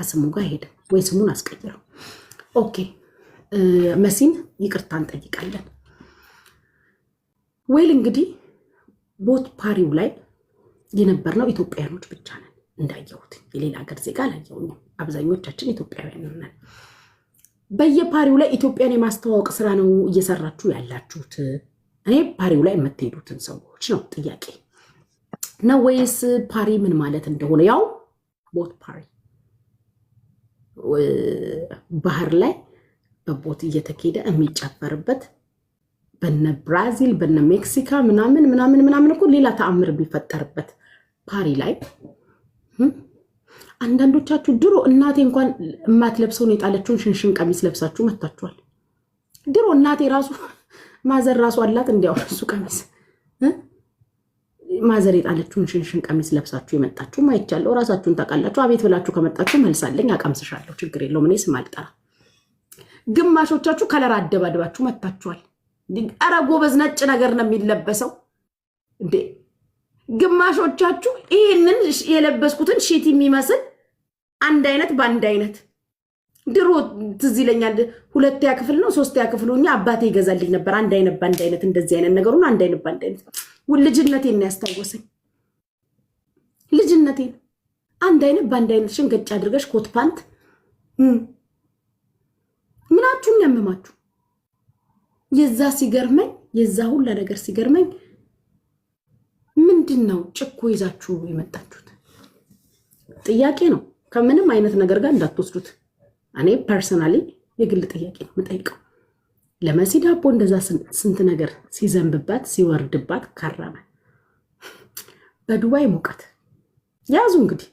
ከስሙ ጋር ሄደ ወይ ስሙን አስቀይረው። ኦኬ መሲን ይቅርታ እንጠይቃለን። ወይል እንግዲህ ቦት ፓሪው ላይ የነበርነው ኢትዮጵያውያኖች ብቻ ነን እንዳየሁት፣ የሌላ ሀገር ዜጋ አላየሁኝም። አብዛኞቻችን ኢትዮጵያውያን ነን። በየፓሪው ላይ ኢትዮጵያን የማስተዋወቅ ስራ ነው እየሰራችሁ ያላችሁት። እኔ ፓሪው ላይ የምትሄዱትን ሰዎች ነው ጥያቄ ነው ወይስ ፓሪ ምን ማለት እንደሆነ ያው ቦት ፓሪ ባህር ላይ በቦት እየተኬደ የሚጨፈርበት በነ ብራዚል በነ ሜክሲካ ምናምን ምናምን ምናምን እኮ ሌላ ተአምር የሚፈጠርበት ፓሪ ላይ አንዳንዶቻችሁ ድሮ እናቴ እንኳን የማትለብሰውን የጣለችውን ሽንሽን ቀሚስ ለብሳችሁ መታችኋል። ድሮ እናቴ ራሱ ማዘር ራሱ አላት እንዲያው እሱ ቀሚስ ማዘር የጣለችውን ሽንሽን ቀሚስ ለብሳችሁ የመጣችሁ አይቻለሁ። ራሳችሁን ታውቃላችሁ። አቤት ብላችሁ ከመጣችሁ መልሳለኝ፣ አቀምስሻለሁ። ችግር የለውም። እኔ ስም አልጠራ። ግማሾቻችሁ ከለር አደባድባችሁ መጥታችኋል። ኧረ ጎበዝ፣ ነጭ ነገር ነው የሚለበሰው እንዴ! ግማሾቻችሁ ይህንን የለበስኩትን ሺት የሚመስል አንድ አይነት በአንድ አይነት ድሮ ትዝ ይለኛል። ሁለተኛ ክፍል ነው ሶስተኛ ክፍል ሆኜ አባቴ ይገዛልኝ ነበር አንድ አይነት በአንድ አይነት እንደዚህ አይነት ነገሩን አንድ አይነት በአንድ አይነት ልጅነቴን ነው ያስታወሰኝ። ልጅነቴን አንድ አይነት በአንድ አይነት ሽን ገጭ አድርገሽ ኮት ፓንት ምናችሁን ያመማችሁ የዛ ሲገርመኝ የዛ ሁላ ነገር ሲገርመኝ ምንድን ነው ጭኮ ይዛችሁ የመጣችሁት? ጥያቄ ነው። ከምንም አይነት ነገር ጋር እንዳትወስዱት። እኔ ፐርሰናሊ የግል ጥያቄ ነው የምጠይቀው። ለመሲ ዳቦ እንደዛ ስንት ነገር ሲዘንብባት ሲወርድባት ከረመ። በዱባይ ሙቀት ያዙ እንግዲህ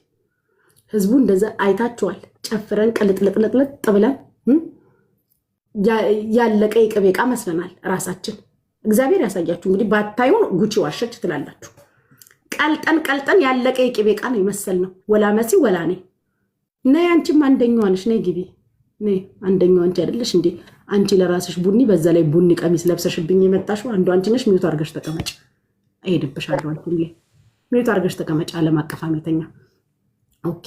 ህዝቡ እንደዛ አይታችኋል። ጨፍረን ቅልጥልጥልጥልጥ ብለን ያለቀ የቅቤ ዕቃ መስለናል ራሳችን። እግዚአብሔር ያሳያችሁ እንግዲህ። ባታዩን ጉቺ ዋሸች ትላላችሁ። ቀልጠን ቀልጠን ያለቀ የቅቤ ዕቃ ነው የመሰል ነው። ወላ መሲ ወላ እኔ ነይ፣ አንቺም አንደኛዋ ነሽ። ነይ ግቢ፣ ነይ አንደኛዋ አንቺ አይደለሽ እንዴ? አንቺ ለራስሽ ቡኒ፣ በዛ ላይ ቡኒ ቀሚስ ለብሰሽብኝ የመጣሽ አንዱ አንቺ ነሽ። ሚዩት አርገሽ ተቀመጭ። እሄድብሻለሁ። አንቺ ሁሌ ሚዩት አርገሽ ተቀመጭ። አለም አቀፍ አሜተኛ። ኦኬ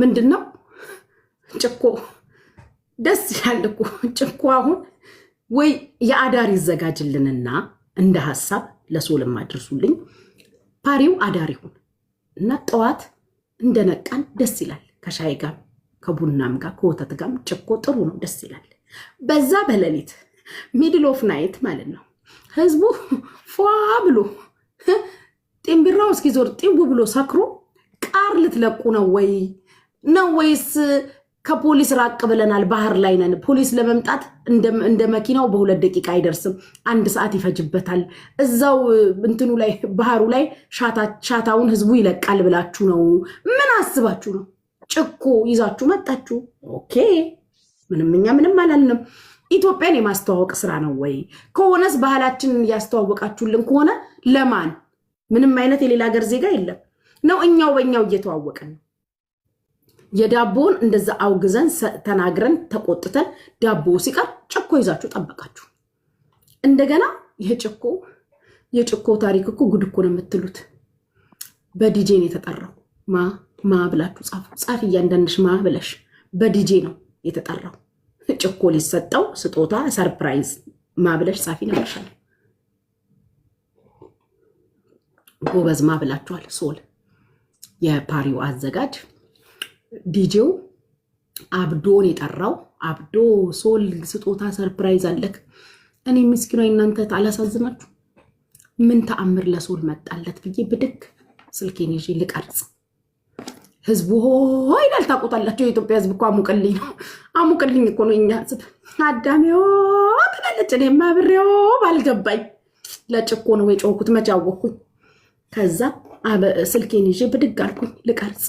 ምንድን ነው ጭኮ? ደስ ይላል እኮ ጭኮ። አሁን ወይ የአዳር ይዘጋጅልንና እንደ ሀሳብ ለሶልም አድርሱልኝ። ፓሪው አዳር ይሁን እና ጠዋት እንደነቃን ደስ ይላል ከሻይ ጋር ከቡናም ጋር ከወተት ጋርም ጭኮ ጥሩ ነው፣ ደስ ይላል። በዛ በሌሊት ሚድል ኦፍ ናይት ማለት ነው። ህዝቡ ፏ ብሎ ጢምቢራው እስኪዞር ጢው ብሎ ሰክሮ ቃር ልትለቁ ነው ወይ ነው ወይስ ከፖሊስ ራቅ ብለናል፣ ባህር ላይ ነን። ፖሊስ ለመምጣት እንደ መኪናው በሁለት ደቂቃ አይደርስም፣ አንድ ሰዓት ይፈጅበታል። እዛው እንትኑ ላይ ባህሩ ላይ ሻታውን ህዝቡ ይለቃል ብላችሁ ነው? ምን አስባችሁ ነው? ጭኮ ይዛችሁ መጣችሁ። ኦኬ ምንም እኛ ምንም አላልንም። ኢትዮጵያን የማስተዋወቅ ስራ ነው ወይ? ከሆነስ ባህላችንን እያስተዋወቃችሁልን ከሆነ ለማን? ምንም አይነት የሌላ ሀገር ዜጋ የለም ነው እኛው በእኛው እየተዋወቅን የዳቦውን እንደዛ አውግዘን ተናግረን ተቆጥተን ዳቦ ሲቀር ጭኮ ይዛችሁ ጠበቃችሁ። እንደገና የጭኮ የጭኮ ታሪክ እኮ ጉድ እኮ ነው የምትሉት። በዲጄን የተጠራው ማ ማ ብላችሁ ጻፉ። ጻፍ እያንዳንድሽ ማ ብለሽ ነው የተጠራው ጭኮ ሊሰጠው ስጦታ ሰርፕራይዝ ማ ብለሽ ጻፊ ነግርሻል። ጎበዝ ማ ብላችኋል። ሶል የፓሪው አዘጋጅ ዲጄው አብዶን የጠራው አብዶ ሶል ስጦታ ሰርፕራይዝ አለክ። እኔ ምስኪኗ እናንተ አላሳዝናችሁ። ምን ተአምር ለሶል መጣለት ብዬ ብድግ ስልኬን ይዤ ልቀርጽ ህዝቡ ይላል። ታውቁታላቸው የኢትዮጵያ ህዝብ እኮ አሙቅልኝ ነው አሙቅልኝ እኮ ነው የኛ ህዝብ። አዳሜዎ ትላለች። እኔማ ባልገባኝ ለጭኮ ነው የጮኩት። መጫወኩኝ። ከዛ ስልኬን ይዤ ብድግ አልኩኝ ልቀርጽ።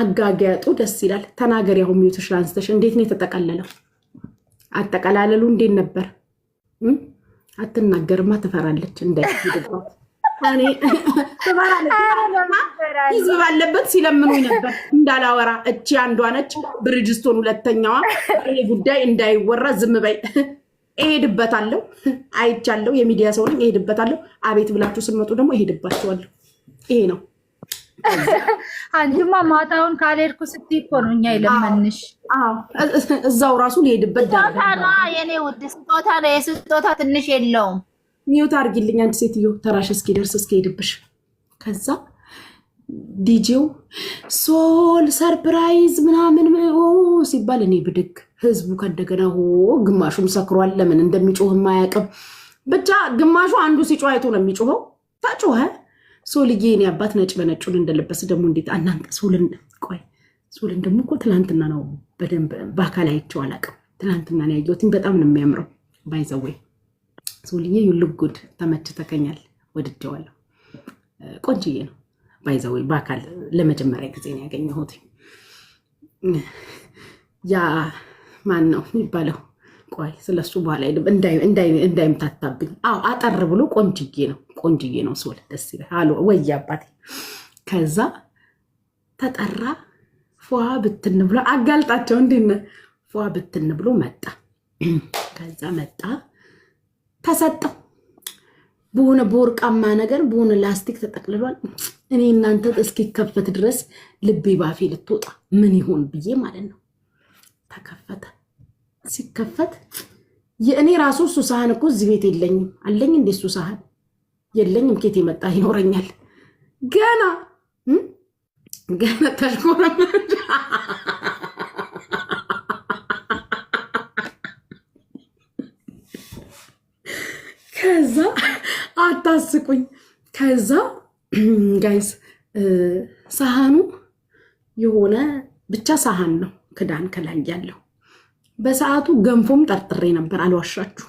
አጋጋያጡ ደስ ይላል። ተናገሪ አሁን ሚዩትሽ ላንስተሽ። እንዴት ነው የተጠቀለለው? አጠቀላለሉ እንዴት ነበር? አትናገርማ ትፈራለች እንዳይ ህዝብ ባለበት ሲለምኑኝ ነበር እንዳላወራ። እቺ አንዷ ነች፣ ብርጅስቶን ሁለተኛዋ። ይሄ ጉዳይ እንዳይወራ ዝም በይ። እሄድበታለሁ፣ አይቻለሁ። የሚዲያ ሰው ነኝ፣ እሄድበታለሁ። አቤት ብላችሁ ስመጡ ደግሞ እሄድባችኋለሁ። ይሄ ነው። አንድማ ማታውን ካልሄድኩ ስትይ እኮ ነው እኛ የለመንሽ። እዛው ራሱ ሊሄድበት ስጦታ ነው። የኔ ውድ ስጦታ ነው። የስጦታ ትንሽ የለውም ሚውት አድርጊልኝ አንድ ሴትዮ ተራሽ እስኪደርስ እስኪሄድብሽ። ከዛ ዲጄው ሶል ሰርፕራይዝ ምናምን ሲባል እኔ ብድግ፣ ህዝቡ ከእንደገና ሆ ግማሹም ሰክሯል። ለምን እንደሚጮህም አያውቅም። ብቻ ግማሹ አንዱ ሲጮህ አይቶ ነው የሚጮኸው። ተጮኸ ሶልዬ፣ እኔ አባት ነጭ በነጩን እንደለበስ ደግሞ እንዴት አናንቀ ሶልን። ቆይ ሶልን ደግሞ እኮ ትላንትና ነው በደንብ በአካል አይቼው አላውቅም። ትላንትና ነው ያየሁት። በጣም ነው የሚያምረው ባይዘወይ ሶልዬ ዩሉክ ጉድ ተመችተከኛል፣ ወድጀዋለሁ። ቆንጅዬ ነው ባይዘወይ በአካል ለመጀመሪያ ጊዜ ነው ያገኘሁት። ያ ማን ነው የሚባለው? ቆይ ስለሱ በኋላ እንዳይምታታብኝ። አዎ አጠር ብሎ ቆንጅዬ ነው፣ ቆንጅዬ ነው። ሶል ደስ ይላል። ወይ አባቴ። ከዛ ተጠራ ፏ ብትን ብሎ አጋልጣቸው እንዲነ ፏ ብትን ብሎ መጣ። ከዛ መጣ ተሰጠው። በሆነ በወርቃማ ነገር በሆነ ላስቲክ ተጠቅልሏል። እኔ እናንተ እስኪከፈት ድረስ ልቤ ባፌ ልትወጣ ምን ይሆን ብዬ ማለት ነው። ተከፈተ። ሲከፈት የእኔ ራሱ እሱ ሳህን እኮ እዚህ ቤት የለኝም አለኝ። እንደ እሱ ሳህን የለኝም። ኬት የመጣ ይኖረኛል። ገና ገና ተሽኮረ አታስቁኝ። ከዛ ጋይስ ሳህኑ የሆነ ብቻ ሳህን ነው፣ ክዳን ከላይ ያለው በሰዓቱ ገንፎም ጠርጥሬ ነበር፣ አልዋሻችሁ።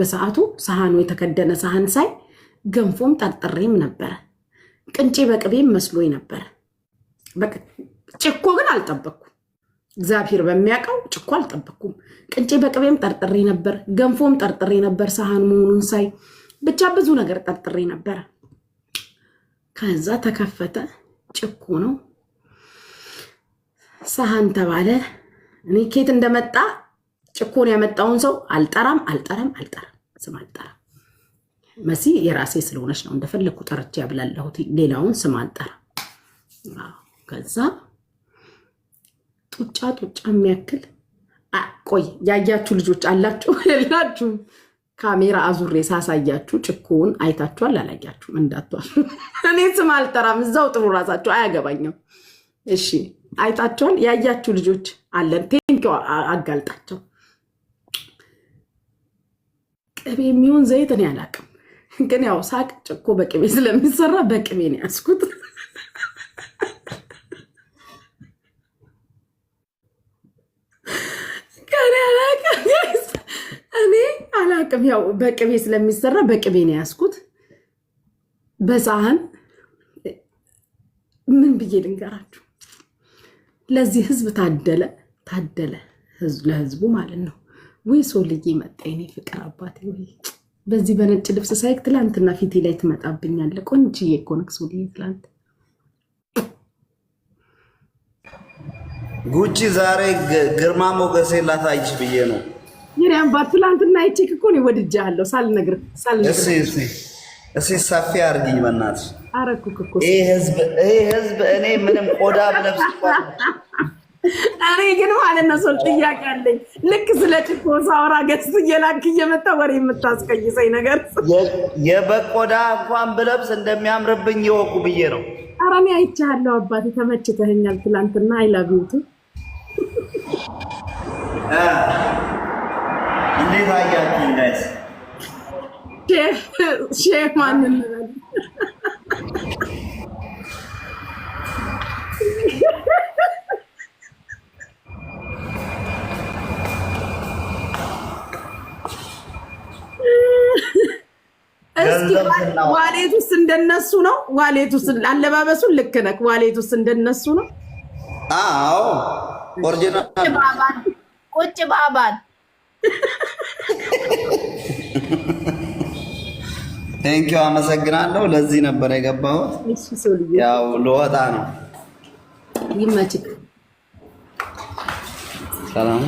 በሰዓቱ ሳህኑ የተከደነ ሳህን ሳይ ገንፎም ጠርጥሬም ነበረ፣ ቅንጬ በቅቤም መስሎኝ ነበረ። ጭኮ ግን አልጠበቅኩም። እግዚአብሔር በሚያውቀው ጭኮ አልጠበቅኩም። ቅንጬ በቅቤም ጠርጥሬ ነበር፣ ገንፎም ጠርጥሬ ነበር። ሳህን መሆኑን ሳይ ብቻ ብዙ ነገር ጠርጥሬ ነበረ። ከዛ ተከፈተ። ጭኩ ነው ሳህን ተባለ። እኔ ኬት እንደመጣ ጭኮን ያመጣውን ሰው አልጠራም አልጠራም አልጠራም ስም አልጠራም። መሲ የራሴ ስለሆነች ነው እንደፈለግኩ ጠርቼ ያብላለሁት። ሌላውን ስም አልጠራም። ከዛ ጡጫ ጡጫ የሚያክል ቆይ ያያችሁ ልጆች አላችሁ የላችሁም? ካሜራ አዙሬ ሳሳያችሁ ጭኮውን አይታችኋል። አላያችሁም እንዳቷል። እኔ ስም አልጠራም። እዛው ጥሩ ራሳችሁ አያገባኝም። እሺ አይታችኋል። ያያችሁ ልጆች አለን። ቴንኪ አጋልጣቸው። ቅቤ የሚሆን ዘይት እኔ አላቅም፣ ግን ያው ሳቅ ጭኮ በቅቤ ስለሚሰራ በቅቤ ነው ያስኩት። ከኔ አላቅም እኔ አላቅም። ያው በቅቤ ስለሚሰራ በቅቤ ነው ያስኩት። በሳህን ምን ብዬ ልንገራችሁ? ለዚህ ህዝብ ታደለ ታደለ ለህዝቡ ማለት ነው። ወይ ሰው ልዬ መጣ የኔ ፍቅር አባቴ። ወይ በዚህ በነጭ ልብስ ሳይክ ትላንትና ፊቴ ላይ ትመጣብኛለ። ቆንጅዬ እኮ ሰው ትላንት ጉቺ ዛሬ ግርማ ሞገሴ ላታይሽ ብዬ ነው ሚሪያም አባት ትላንትና አይቼክ እኮ ነው ወድጃለሁ። ሳልነግርህ ሳልነግርህ እሺ፣ እሺ፣ ሰፊ አድርጊኝ በእናትሽ። አረኩክ እኮ ይሄ ህዝብ ይሄ ህዝብ እኔ ምንም ቆዳ ብለብስ እንኳን እኔ ግን ማለት ነው ሰው ጥያቄ አለኝ። ልክ ስለ ጭኮ ሳወራ ገጽ እየላክ እየመጣ ወሬ የምታስቀይሰኝ ነገር የበቆዳ እንኳን ብለብስ እንደሚያምርብኝ ይወቁ ብዬ ነው። ኧረ አይቻለሁ አባቴ፣ ተመችተኸኛል። ትላንትና አይላቪዩቱ እንዴት አያችሁ? ጋይስ ሼር ማንን ዋሌት ውስጥ እንደነሱ ነው። ዋሌት ውስጥ አለባበሱን ልክ ነህ። ዋሌት ውስጥ እንደነሱ ነው። አዎ ቁጭ ባባል ቴንኪዩ አመሰግናለሁ። ለዚህ ነበር የገባሁት። ያው ልወጣ ነው። ይመችክ። ሰላም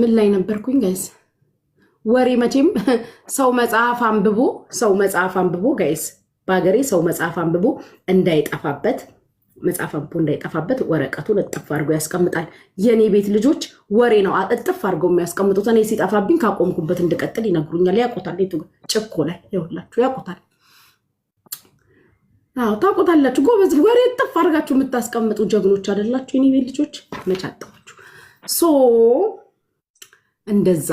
ምን ላይ ነበርኩኝ? ጋይስ ወሬ መቼም ሰው መጽሐፍ አንብቦ ሰው መጽሐፍ አንብቦ ጋይስ በሀገሬ ሰው መጽሐፍ አንብቦ እንዳይጠፋበት መጽሐፍ አንብቦ እንዳይጠፋበት ወረቀቱን እጥፍ አድርጎ ያስቀምጣል። የእኔ ቤት ልጆች ወሬ ነው እጥፍ አድርገው የሚያስቀምጡት። እኔ ሲጠፋብኝ ካቆምኩበት እንድቀጥል ይነግሩኛል። ያቆታል፣ ላይ ይኸውላችሁ ያቆታል። አዎ ታውቁታላችሁ። ጎበዝ ወሬ እጥፍ አድርጋችሁ የምታስቀምጡ ጀግኖች አይደላችሁ? የኔ ቤት ልጆች መቻጣችሁ ሶ እንደዛ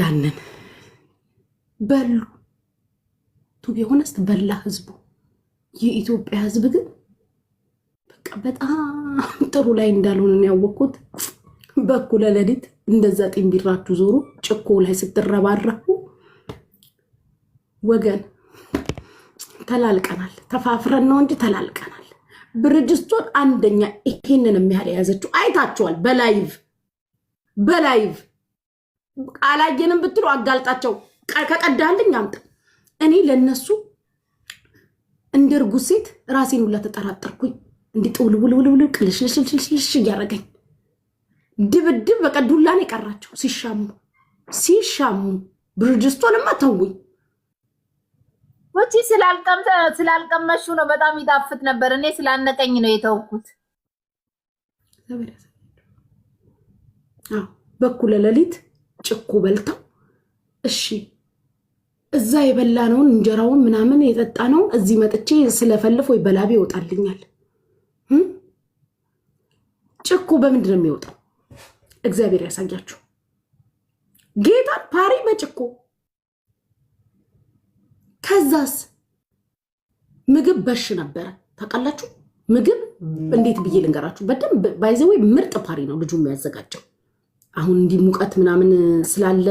ያንን በሉ ቱ ቢሆነስት በላ ህዝቡ። የኢትዮጵያ ህዝብ ግን በቃ በጣም ጥሩ ላይ እንዳልሆነ ያወቅኩት በኩለ ሌሊት እንደዛ ጢምቢራችሁ ዞሮ ጭኮ ላይ ስትረባረፉ ወገን ተላልቀናል። ተፋፍረን ነው እንጂ ተላልቀናል። ብርጅስቶን አንደኛ ይሄንን የሚያህል የያዘችው አይታችኋል። በላይቭ በላይቭ አላየንም ብትሉ አጋልጣቸው። ከቀዳልኝ አምጥ እኔ ለእነሱ እንደ እርጉዝ ሴት ራሴን ሁላ ተጠራጠርኩኝ። እንዲህ ቅልሽልሽልሽልሽ እያደረገኝ ድብድብ በቃ ዱላን የቀራቸው። ሲሻሙ ሲሻሙ ብርጅስቶንማ ተውኝ። ወቺ ስላልቀመሹ ነው። በጣም ይጣፍጥ ነበር። እኔ ስላነቀኝ ነው የተውኩት። በኩለ ሌሊት ጭኩ በልተው እሺ እዛ የበላነውን እንጀራውን ምናምን የጠጣነውን እዚህ መጥቼ ስለፈልፍ ወይ በላቤ ይወጣልኛል። ጭኮ በምንድን ነው የሚወጣው? እግዚአብሔር ያሳያችሁ። ጌታን ፓሪ በጭኮ ከዛስ ምግብ በሽ ነበረ ታውቃላችሁ። ምግብ እንዴት ብዬ ልንገራችሁ? በደንብ ባይዘዌ ምርጥ ፓሪ ነው ልጁ የሚያዘጋጀው። አሁን እንዲህ ሙቀት ምናምን ስላለ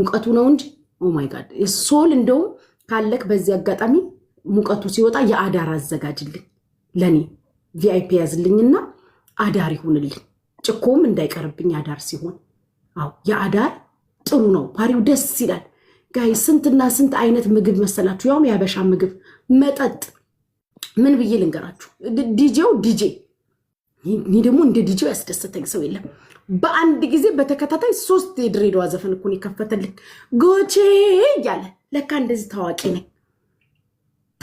ሙቀቱ ነው እንጂ ኦማይ ጋድ ሶል እንደውም ካለክ በዚህ አጋጣሚ ሙቀቱ ሲወጣ የአዳር አዘጋጅልኝ ለእኔ ቪአይፒ ያዝልኝና አዳር ይሁንልኝ። ጭኮም እንዳይቀርብኝ አዳር ሲሆን፣ አዎ የአዳር ጥሩ ነው። ፓሪው ደስ ይላል። ጋይ ስንትና ስንት አይነት ምግብ መሰላችሁ? ያውም የአበሻ ምግብ መጠጥ። ምን ብዬ ልንገራችሁ? ዲጄው ዲጄ እኔ ደግሞ እንደ ዲጂ ያስደሰተኝ ሰው የለም። በአንድ ጊዜ በተከታታይ ሶስት የድሬዳዋ ዘፈን እኮን የከፈተልን ጎቼ እያለ ለካ እንደዚህ ታዋቂ ነኝ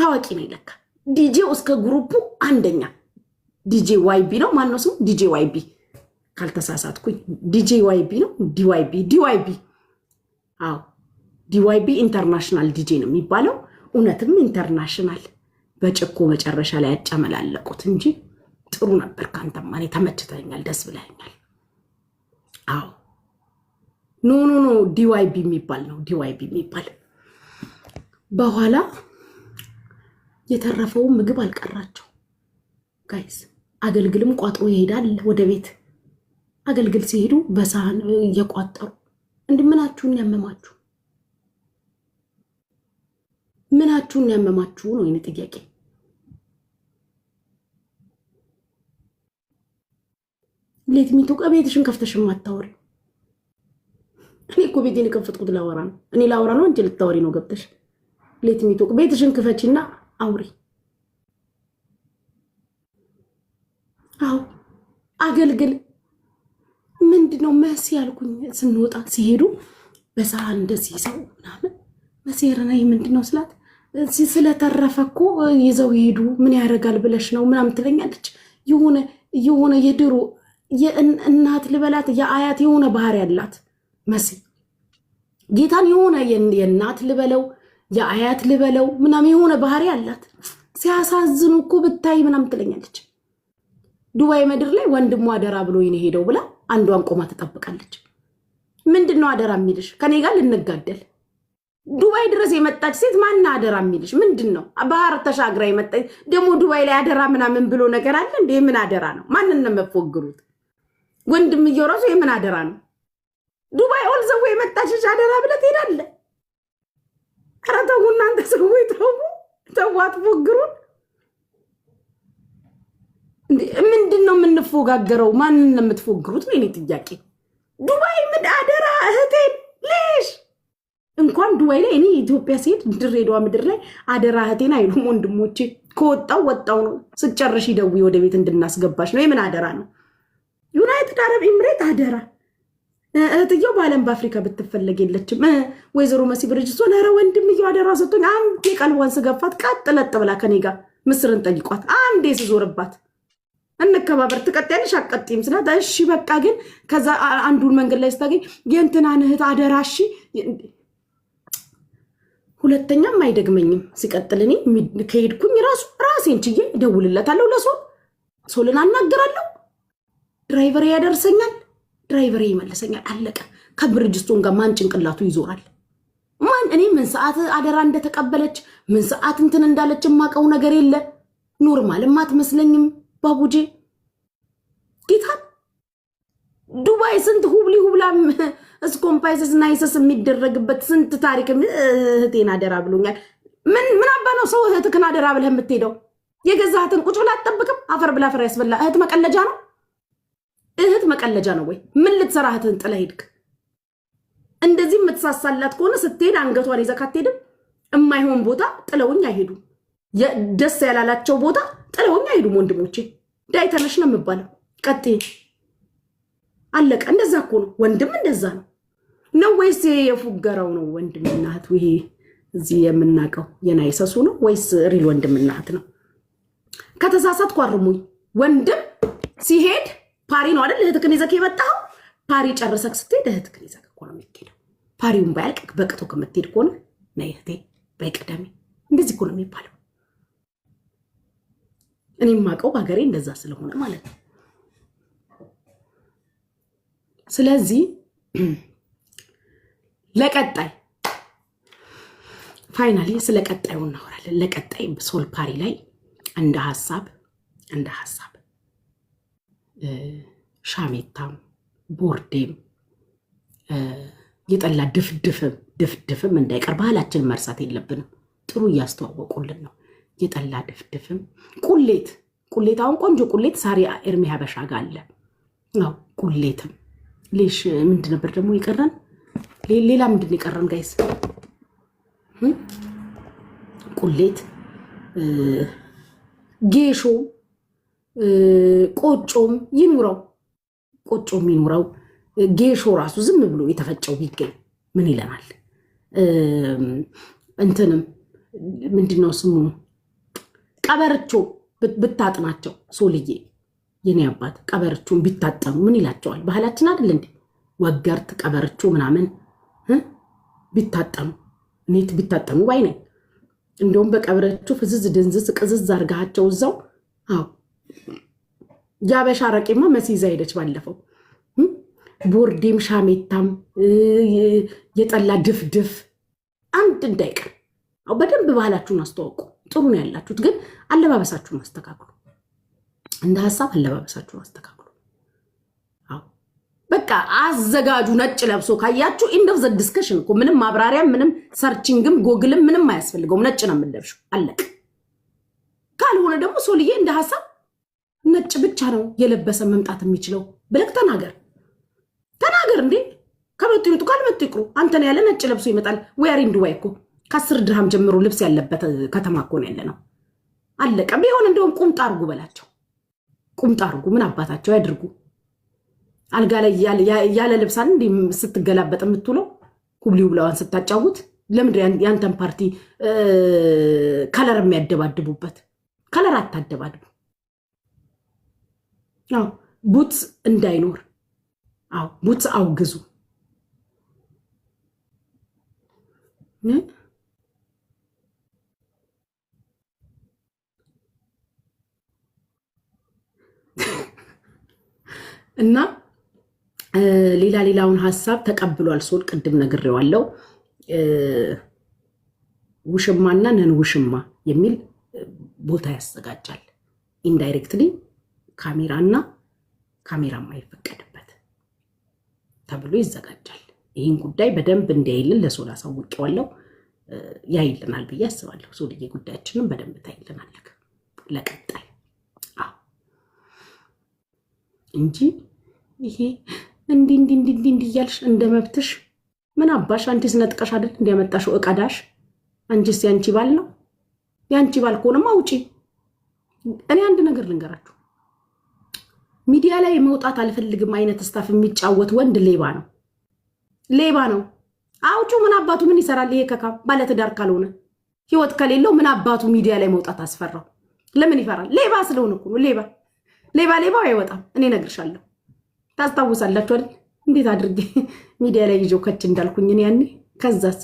ታዋቂ ነኝ ለካ ዲጄው እስከ ግሩፑ አንደኛ ዲጄ ዋይቢ ነው። ማነው ስሙ? ዲጄ ዋይቢ ካልተሳሳትኩኝ፣ ዲጄ ዋይቢ ነው። ዲዋይቢ ዲዋይቢ፣ አዎ ዲዋይቢ ኢንተርናሽናል ዲጄ ነው የሚባለው። እውነትም ኢንተርናሽናል በጭኮ መጨረሻ ላይ ያጨመላለቁት እንጂ ጥሩ ነበር። ከአንተማ እኔ ተመችተኛል፣ ደስ ብለኛል። አዎ ኖ ኖ ኖ ዲዋይቢ የሚባል ነው ዲዋይቢ የሚባል በኋላ የተረፈው ምግብ አልቀራቸው ጋይስ። አገልግልም ቋጥሮ ይሄዳል ወደ ቤት። አገልግል ሲሄዱ በሳህን እየቋጠሩ እንድምናችሁን ያመማችሁ ምናችሁን ያመማችሁ ነው ይህን ጥያቄ። ሌት ሚቱቀ ቤትሽን ከፍተሽ ማታወሪ። እኔ እኮ ቤቴን የከፈትኩት ላወራ ነው። እኔ ላወራ ነው እንጂ ልታወሪ ነው ገብተሽ። ሌት ሚቱቅ ቤትሽን ክፈችና አውሪ። አዎ አገልግል ምንድን ነው መሲ ያልኩኝ ስንወጣ ሲሄዱ በሰሃን እንደዚህ ይዘው ምናምን መሴረና ምንድን ነው ስላት ስለተረፈ እኮ ይዘው ይሄዱ ምን ያደርጋል ብለሽ ነው ምናምን ትለኛለች። የሆነ የድሮ የእናት ልበላት የአያት የሆነ ባህሪ ያላት መሲ ጌታን የሆነ የእናት ልበለው የአያት ልበለው ምናምን የሆነ ባህሪ አላት። ሲያሳዝኑ እኮ ብታይ ምናምን ትለኛለች። ዱባይ ምድር ላይ ወንድሟ አደራ ብሎ ነው ሄደው ብላ አንዷን ቆማ ትጠብቃለች። ምንድን ነው አደራ የሚልሽ? ከኔ ጋር ልንጋደል ዱባይ ድረስ የመጣች ሴት ማና አደራ የሚልሽ ምንድን ነው? ባህር ተሻግራ የመጣች ደግሞ ዱባይ ላይ አደራ ምናምን ብሎ ነገር አለ እንዴ? ምን አደራ ነው? ማንን ነው የምትፎግሩት? ወንድም ራሱ የምን አደራ ነው? ዱባይ ኦልዘዌ የመጣችሽ አደራ ብለህ ትሄዳለህ? ኧረ ተው እናንተ ሰዎች ተው፣ ተው አትፎግሩን። ምንድን ነው የምንፎጋገረው? ማንን ነው የምትፎግሩት ነው ጥያቄ። ዱባይ ምን አደራ እህቴን ልሽ እንኳን ዱባይ ላይ እኔ ኢትዮጵያ ሴት ድሬዳዋ ምድር ላይ አደራ እህቴን አይሉም ወንድሞቼ። ከወጣው ወጣው ነው። ስጨርሽ ደዊ ወደ ቤት እንድናስገባሽ ነው። የምን አደራ ነው? ዩናይትድ አረብ ኤምሬት አደራ እህትየው በዓለም በአፍሪካ ብትፈለግ የለችም። ወይዘሮ መሲ ብርጅስቶን ኧረ ወንድምየው አደራ ሰጥቶኝ አንዴ ቀልቧን ስገፋት ቀጥ ለጥ ብላ ከኔ ጋር ምስርን ጠይቋት አንዴ ስዞርባት እንከባበር ትቀጥያለሽ አቀጥም ስላት እሺ በቃ ግን ከዛ አንዱን መንገድ ላይ ስታገኝ የእንትናን እህት አደራ እሺ ሁለተኛም አይደግመኝም። ሲቀጥል እኔ ከሄድኩኝ ራሱ ራሴን ችዬ እደውልለታለሁ ለሶል ሶልን አናገራለሁ ድራይቨሬ ያደርሰኛል፣ ድራይቨሬ ይመልሰኛል። አለቀ። ከብርጅስቶን ጋር ማን ጭንቅላቱ ይዞራል? ማን እኔ ምን ሰዓት አደራ እንደተቀበለች ምን ሰዓት እንትን እንዳለች የማቀው ነገር የለ። ኖርማልም አትመስለኝም ባቡጄ ጌታ ዱባይ ስንት ሁብሊ ሁብላም እስኮምፓይሰስ ናይሰስ የሚደረግበት ስንት ታሪክ እህቴን አደራ ብሎኛል። ምን ምን አባ ነው ሰው እህትክን አደራ ብለህ የምትሄደው? የገዛህትን ቁጭ ብላ አትጠብቅም? አፈር ብላ አፈር ያስበላ እህት መቀለጃ ነው። እህት መቀለጃ ነው ወይ? ምን ልትሰራ እህትህን ጥለህ ሄድክ? እንደዚህ የምትሳሳላት ከሆነ ስትሄድ አንገቷን ይዘህ ካትሄድም እማይሆን ቦታ ጥለውኝ አይሄዱም። ደስ ያላላቸው ቦታ ጥለውኝ አይሄዱም። ወንድሞቼ ዳይተነሽ ነው የምባለው። ቀጥዬ አለቀ። እንደዛ እኮ ነው ወንድም፣ እንደዛ ነው ነው ወይስ የፉገረው ነው? ወንድምና እህት ይሄ እዚህ የምናውቀው የናይሰሱ ነው ወይስ ሪል ወንድምና እህት ነው? ከተሳሳትኩ አርሙኝ። ወንድም ሲሄድ ፓሪ ነው አይደል? እህትክን ይዘክ የመጣው ፓሪ ጨርሰክ ስትሄድ እህትክን ይዘክ እኮ ነው የሚሄደው። ፓሪውን ባያልቅ በቅቶ ከምትሄድ ከሆነ ነይ እህቴ በይ እንደዚህ እኮ ነው የሚባለው። እኔም ማቀው በሀገሬ እንደዛ ስለሆነ ማለት ነው። ስለዚህ ለቀጣይ ፋይናሊ ስለ ቀጣዩ እናወራለን። ለቀጣይ ሶል ፓሪ ላይ እንደ ሀሳብ እንደ ሀሳብ ሻሜታም ቦርዴም የጠላ ድፍድፍም ድፍድፍም እንዳይቀር ባህላችን መርሳት የለብንም። ጥሩ እያስተዋወቁልን ነው። የጠላ ድፍድፍም ቁሌት ቁሌት አሁን ቆንጆ ቁሌት ሳሪ ኤርሚ ሀበሻ ጋ አለ። ቁሌትም ሌሽ ምንድን ነበር ደግሞ ይቀረን? ሌላ ምንድን ይቀረን? ጋይስ? ቁሌት ጌሾ ቆጮም ይኑረው ቆጮም ይኑረው ጌሾ ራሱ ዝም ብሎ የተፈጨው ቢገኝ ምን ይለናል? እንትንም ምንድነው ስሙ ቀበርቾ ብታጥናቸው ሶልዬ የኔ አባት ቀበርቾን ቢታጠኑ ምን ይላቸዋል? ባህላችን አይደል እንዴ? ወገርት ቀበርቾ ምናምን ቢታጠኑ እኔት ቢታጠኑ ባይ ነኝ። እንደውም በቀበረቾ ፍዝዝ ድንዝዝ ቅዝዝ አርጋቸው እዛው አዎ ያበሻ ረቂማ መሲ ይዛ ሄደች። ባለፈው ቦርዴም ሻሜታም የጠላ ድፍድፍ አንድ እንዳይቀር በደንብ ባህላችሁን አስተዋውቁ። ጥሩ ነው ያላችሁት፣ ግን አለባበሳችሁን አስተካክሉ። እንደ ሀሳብ አለባበሳችሁን አስተካክሉ። በቃ አዘጋጁ። ነጭ ለብሶ ካያችሁ ኢንድ ኦፍ ዘ ዲስከሽን እኮ ምንም ማብራሪያም ምንም ሰርችንግም ጎግልም ምንም አያስፈልገውም። ነጭ ነው የምንለብሽው አለቅ። ካልሆነ ደግሞ ሶልዬ እንደ ሀሳብ ነጭ ብቻ ነው የለበሰ መምጣት የሚችለው ብለህ ተናገር ተናገር እንዴ። ከመጡ ይምጡ ካልመጡ ይቅሩ። አንተን ያለ ነጭ ለብሶ ይመጣል። ወያሪ እንድዋይ እኮ ከአስር ድርሃም ጀምሮ ልብስ ያለበት ከተማ እኮ ነው ያለ ነው። አለቀ። ቢሆን እንደውም ቁምጣ አርጉ በላቸው። ቁምጣ አርጉ። ምን አባታቸው ያድርጉ። አልጋ ላይ ያለ ልብሳን እንዲ ስትገላበጥ የምትውለው ሁብሊው ብለዋን ስታጫውት ለምድ ያንተን ፓርቲ ከለር የሚያደባድቡበት? ከለር አታደባድቡ። አዎ ቡት እንዳይኖር አዎ ቡት አውግዙ። እና ሌላ ሌላውን ሀሳብ ተቀብሏል። ሶል ቅድም ነግሬዋለሁ። ውሽማና ነን ውሽማ የሚል ቦታ ያዘጋጃል ኢንዳይሬክትሊ ካሜራና እና ካሜራ የማይፈቀድበት ተብሎ ይዘጋጃል። ይህን ጉዳይ በደንብ እንዲያይልን ለሶላ አሳውቄዋለሁ። ያይልናል ብዬ አስባለሁ። ሶልዬ ጉዳያችንን በደንብ ታይልናለህ ለቀጣይ እንጂ ይሄ እንዲህ እንዲህ እንዲህ እንዲህ እንዲህ እያልሽ እንደ መብትሽ ምን አባሽ አንቺስ ነጥቀሽ አይደል እንዲያመጣሽው እቀዳሽ አንቺስ ያንቺ ባል ነው። ያንቺ ባል ከሆነማ ውጪ። እኔ አንድ ነገር ልንገራችሁ ሚዲያ ላይ መውጣት አልፈልግም አይነት ስታፍ የሚጫወት ወንድ ሌባ ነው፣ ሌባ ነው። አውጩ ምን አባቱ ምን ይሰራል? ይሄ ከካ ባለትዳር ካልሆነ ህይወት ከሌለው ምን አባቱ ሚዲያ ላይ መውጣት አስፈራው? ለምን ይፈራል? ሌባ ስለሆነ እኮ ነው። ሌባ ሌባ አይወጣም። እኔ ነግርሻለሁ። ታስታውሳላችሁ አይደል? እንዴት አድርጌ ሚዲያ ላይ ይዤው ከች እንዳልኩኝ እኔ ያኔ። ከዛስ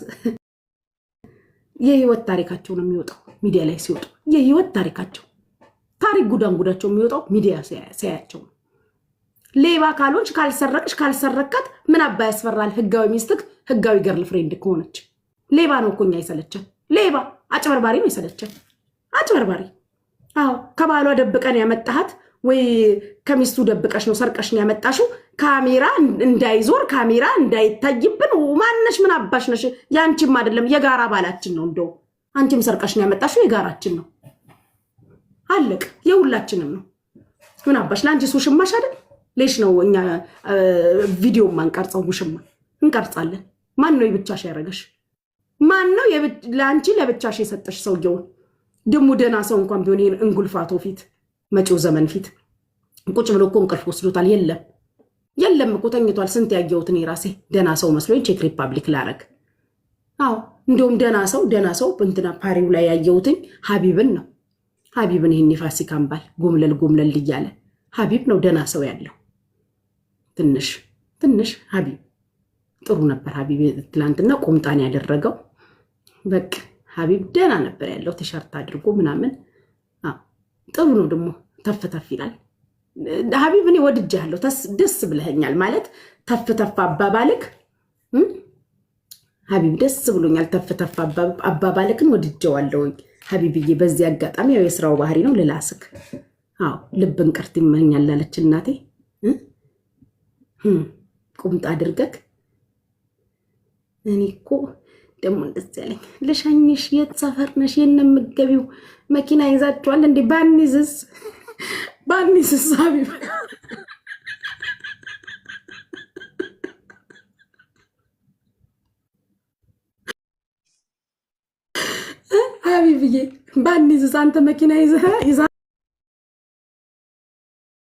የህይወት ታሪካቸው ነው የሚወጣው ሚዲያ ላይ ሲወጡ፣ የህይወት ታሪካቸው ታሪክ ጉዳን ጉዳቸው የሚወጣው ሚዲያ ሲያያቸው ነው። ሌባ ካልሆንች ካልሰረቅሽ ካልሰረቀት ምን አባ ያስፈራል? ህጋዊ ሚስትክ ህጋዊ ገርል ፍሬንድ ከሆነች ሌባ ነው እኮ እኛ ሌባ አጭበርባሪ ነው ይሰለቻል። አጭበርባሪ አዎ፣ ከባሏ ደብቀን ያመጣሃት ወይ ከሚስቱ ደብቀሽ ነው ሰርቀሽ ነው ያመጣሽው። ካሜራ እንዳይዞር ካሜራ እንዳይታይብን ማነሽ? ምን አባሽ ነሽ? የአንቺም አይደለም የጋራ ባላችን ነው። እንደው አንቺም ሰርቀሽ ነው ያመጣሽው። የጋራችን ነው አለቅ፣ የሁላችንም ነው። ምን አባሽ ለአንቺ ሱሽማሽ አይደል ሌሽ ነው እኛ ቪዲዮ ማንቀርጸው ሙሽማ እንቀርጻለን። ማን ነው የብቻሽ ያደረገሽ? ማን ነው ለአንቺ ለብቻሽ የሰጠሽ ሰውየውን? ደግሞ ደህና ሰው እንኳን ቢሆን ይህን እንጉልፋቶ ፊት መጪው ዘመን ፊት ቁጭ ብሎ እኮ እንቅልፍ ወስዶታል። የለም የለም እኮ ተኝቷል። ስንት ያየሁትን የራሴ ደህና ሰው መስሎኝ ቼክ ሪፐብሊክ ላረግ። አዎ እንዲሁም ደህና ሰው ደህና ሰው እንትና ፓሪው ላይ ያየሁትኝ ሀቢብን ነው ሀቢብን ይህን የፋሲካን ባል ጎምለል ጎምለል እያለ ሀቢብ ነው ደህና ሰው ያለው ትንሽ ትንሽ ሀቢብ ጥሩ ነበር። ሀቢብ ትላንትና ቁምጣን ያደረገው በቃ ሀቢብ ደህና ነበር ያለው ቲሸርት አድርጎ ምናምን ጥሩ ነው። ደግሞ ተፍ ተፍ ይላል ሀቢብ። እኔ ወድጃለሁ፣ ደስ ብለኸኛል ማለት ተፍ ተፍ አባባልክ ሀቢብ ደስ ብሎኛል። ተፍ ተፍ አባባልክን ወድጀዋለሁኝ ሀቢብዬ። በዚህ አጋጣሚ ያው የስራው ባህሪ ነው ልላስክ። አዎ ልብን ቅርት ይመኛላለች እናቴ። ቁምጣ አድርገክ እኔ እኮ ደግሞ እንደዚህ ያለኝ ልሸኝሽ፣ የት ሰፈር ነሽ? የት መኪና ይዛችኋል እንዴ? ባኒዝስ ባኒዝስ ሀቢብ ሀቢብዬ ባኒዝስ አንተ መኪና ይዛ